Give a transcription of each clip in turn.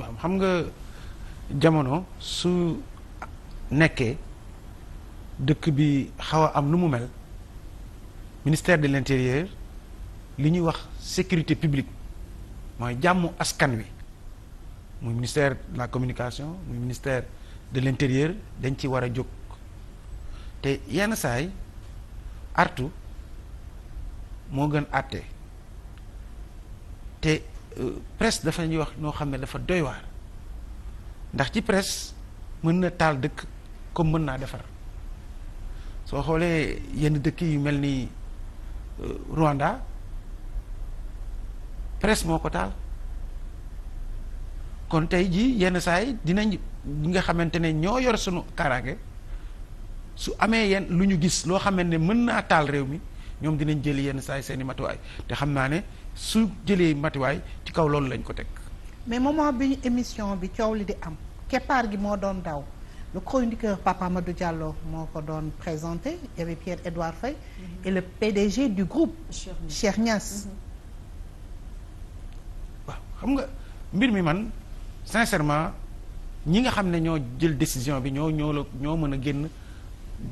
waaw xam nga jamono su nekkee dëkk bi xaw a am lu mu mel ministère de l'intérieur li ñuy wax sécurité publique mooy jàmmu askan wi muy ministère de la communication muy ministère de l'intérieur dañ ci war a jóg te yenn saay artu moo gën àtte te presse dafa ñuy wax noo xam ne dafa doy waar ndax ci presse mën na taal dëkk comme mën naa defar soo xoolee yenn dëkk yu mel ni euh, Rwanda presse moo ko taal kon tey jii yenn saay dinañ ñi nga xamante ne ñoo yor sunu kaaraange su amee yenn lu ñu gis loo xamante ne mën naa taal réew mi. ñoom dinañ jël yenn saa yi seen i matuwaay te xam naa ne su jëlee matuwaay ci kaw loolu lañ ko teg. mais moment bi émission bi coow li di am keppaar gi moo doon daw lu chroniqueur Papa Amadou Diallo moo ko doon présenté il y avait Pierre-Edouard Faye mm -hmm. et le PDG du groupe. Cheikh Niass mm-hmm. waaw xam nga mbir mi man sincèrement ñi nga xam ne ñoo jël décision bi ñoo ñoo ñoo mën a génn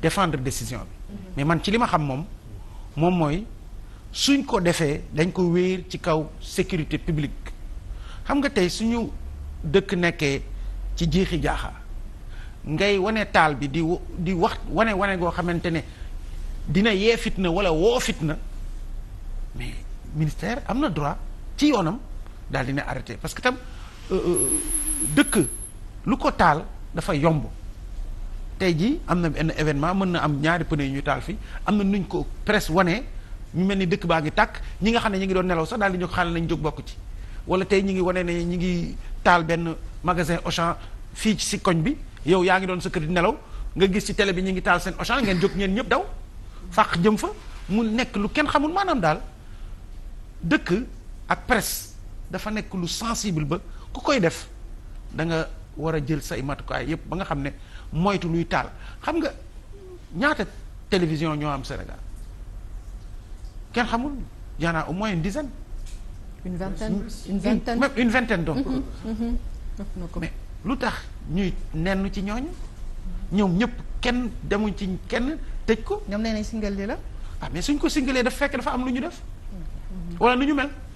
défendre décision bi. Mm-hmm. mais man ci li ma xam moom. moom mooy suñ ko defee dañ ko wéer ci kaw sécurité publique xam nga tey suñu dëkk nekkee ci jiixi jaaxa ngay wane taal bi di di wax wane wane goo xamante ne dina yee fitna wala woo fitna mais ministère am na droit ci yoonam daal dina arrêté parce que tam euh, euh, dëkk lu ko taal dafa yomb tey jii am na benn événement mën na am ñaari pneu yu ñu taal fii am na nuñ ko presse wane ñu mel ni dëkk baa ngi tàkk ñi nga xam ne ñu ngi doon nelaw sax daal di ñu ko xaaral nañ jóg bokk ci wala tey ñi ngi wane ne ñi ngi taal benn magasin Auchan fii ci koñ bi yow yaa ngi doon sa nelaw nga gis ci télé bi ñu ngi taal seen Auchan ngeen jóg ñeen ñëpp daw fàq jëm fa mu nekk lu kenn xamul maanaam daal dëkk ak presse dafa nekk lu sensible ba ku koy def war a jël say matukaay yépp ba nga xam ne moytu luy taal xam nga ñaata télévision ñoo am senegal kenn xamul yaanaa au moins une dizaine. une vingtaine une vingtaine même une vingtaine donc. Mm-hmm. Mm-hmm. Mm-hmm. mais lu tax ñuy nennu ci ñooñu. ñëw ñëpp kenn demuñ ci kenn tëj ko. ñoom nee nañ singal li la. ah mais suñ ko singalee dafa fekk dafa am lu ñu def. wala lu ñu mel.